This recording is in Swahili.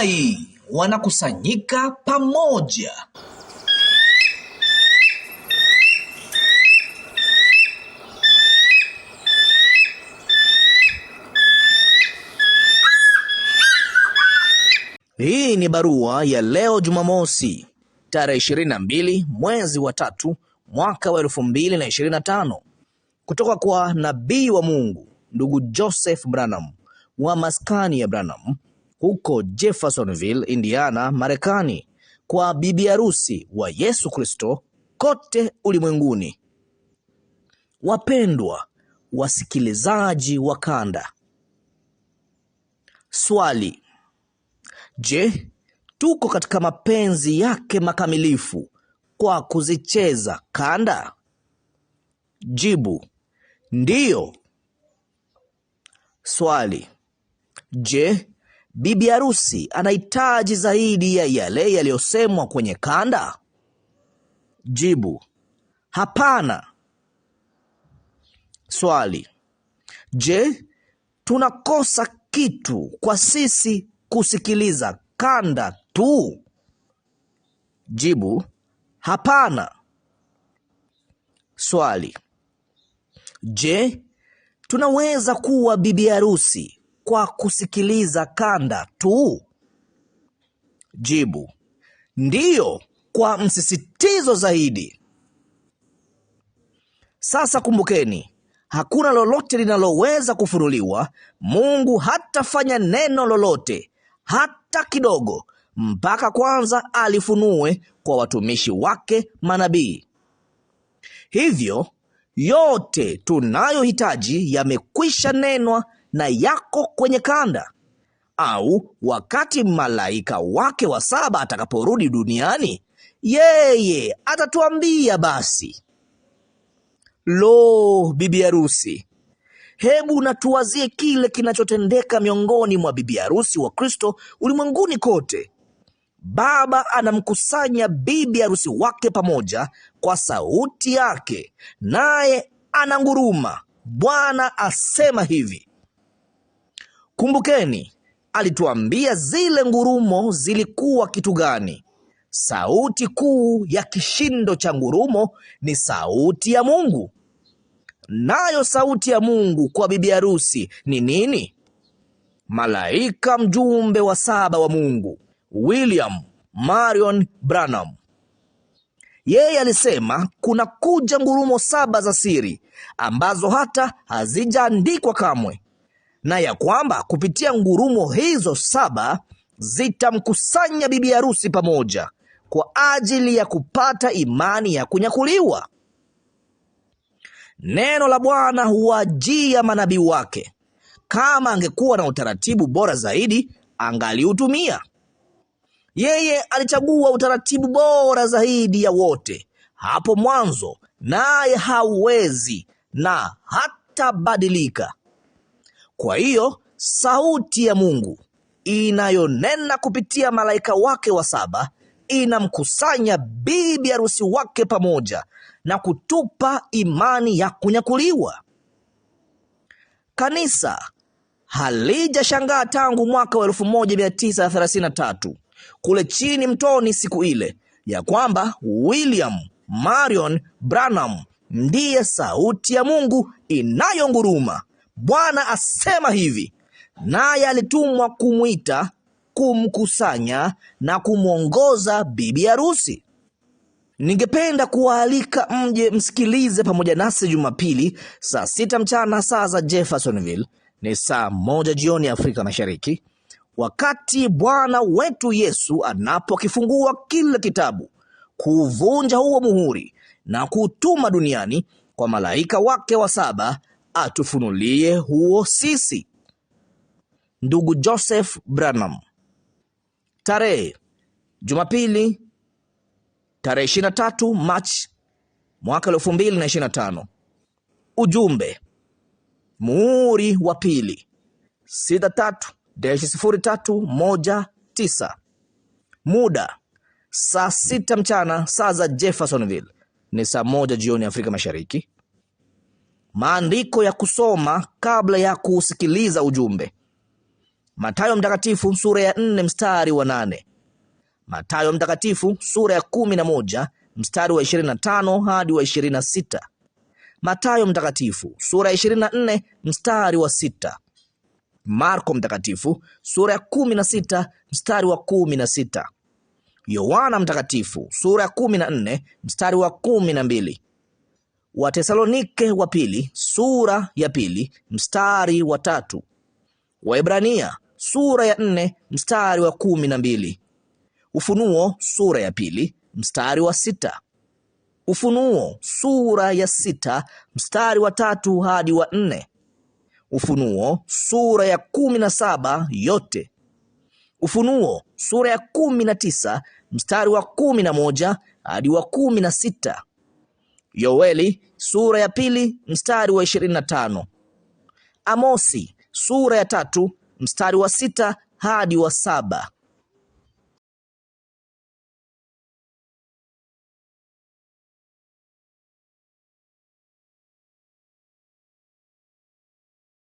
Tai wanakusanyika pamoja. Hii ni barua ya leo Jumamosi tarehe 22 mwezi wa tatu mwaka wa 2025 kutoka kwa nabii wa Mungu ndugu Joseph Branham wa maskani ya Branham huko Jeffersonville, Indiana, Marekani, kwa bibi harusi wa Yesu Kristo kote ulimwenguni. Wapendwa wasikilizaji wa kanda, swali: Je, tuko katika mapenzi yake makamilifu kwa kuzicheza kanda? Jibu: ndiyo. Swali: Je, bibi harusi anahitaji zaidi ya yale yaliyosemwa kwenye kanda? Jibu: hapana. Swali: je, tunakosa kitu kwa sisi kusikiliza kanda tu? Jibu: hapana. Swali: je, tunaweza kuwa bibi harusi kwa kusikiliza kanda tu? Jibu: ndiyo, kwa msisitizo zaidi. Sasa kumbukeni, hakuna lolote linaloweza kufunuliwa. Mungu hatafanya neno lolote hata kidogo mpaka kwanza alifunue kwa watumishi wake manabii. Hivyo yote tunayohitaji yamekwisha nenwa na yako kwenye kanda, au wakati malaika wake wa saba atakaporudi duniani, yeye atatuambia basi. Lo, bibi harusi, hebu natuwazie kile kinachotendeka miongoni mwa bibi harusi wa Kristo ulimwenguni kote. Baba anamkusanya bibi harusi wake pamoja kwa sauti yake, naye ananguruma. Bwana asema hivi: Kumbukeni, alituambia zile ngurumo zilikuwa kitu gani? Sauti kuu ya kishindo cha ngurumo ni sauti ya Mungu. Nayo sauti ya Mungu kwa bibi harusi ni nini? Malaika mjumbe wa saba wa Mungu, William Marion Branham. Yeye alisema kuna kuja ngurumo saba za siri ambazo hata hazijaandikwa kamwe na ya kwamba kupitia ngurumo hizo saba zitamkusanya bibi harusi pamoja kwa ajili ya kupata imani ya kunyakuliwa. Neno la Bwana huwajia manabii wake. Kama angekuwa na utaratibu bora zaidi, angaliutumia. Yeye alichagua utaratibu bora zaidi ya wote hapo mwanzo, naye hauwezi na hatabadilika. Kwa hiyo sauti ya Mungu inayonena kupitia malaika wake wa saba inamkusanya bibi harusi wake pamoja na kutupa imani ya kunyakuliwa. Kanisa halijashangaa tangu mwaka wa 1933 kule chini mtoni siku ile ya kwamba William Marion Branham ndiye sauti ya Mungu inayonguruma Bwana asema hivi, naye alitumwa kumwita, kumkusanya na kumwongoza bibi harusi. Ningependa kuwaalika mje msikilize pamoja nasi Jumapili saa sita mchana saa za Jeffersonville, ni saa moja jioni Afrika Mashariki, wakati Bwana wetu Yesu anapokifungua kile kitabu, kuuvunja huo muhuri na kuutuma duniani kwa malaika wake wa saba atufunulie huo sisi. Ndugu Joseph Branham. Tarehe Jumapili, tarehe 23 Machi mwaka 2025. Ujumbe muhuri wa pili 63-0319 muda saa sita mchana saa za Jeffersonville ni saa moja jioni Afrika Mashariki maandiko ya kusoma kabla ya kusikiliza ujumbe. Mathayo Mtakatifu sura ya nne mstari wa nane. Mathayo Mtakatifu sura ya kumi na moja mstari wa ishirini na tano hadi wa ishirini na sita. Mathayo Mtakatifu sura ya ishirini na nne mstari wa sita. Marko Mtakatifu sura ya kumi na sita mstari wa kumi na sita. Yohana Mtakatifu sura ya kumi na nne mstari wa kumi na mbili. Watesalonike wa pili sura ya pili mstari wa tatu, Waebrania sura ya nne mstari wa kumi na mbili, Ufunuo sura ya pili mstari wa sita, Ufunuo sura ya sita mstari wa tatu hadi wa nne, Ufunuo sura ya kumi na saba yote, Ufunuo sura ya kumi na tisa mstari wa kumi na moja hadi wa kumi na sita. Yoeli sura ya pili mstari wa ishirini na tano Amosi sura ya tatu mstari wa sita hadi wa saba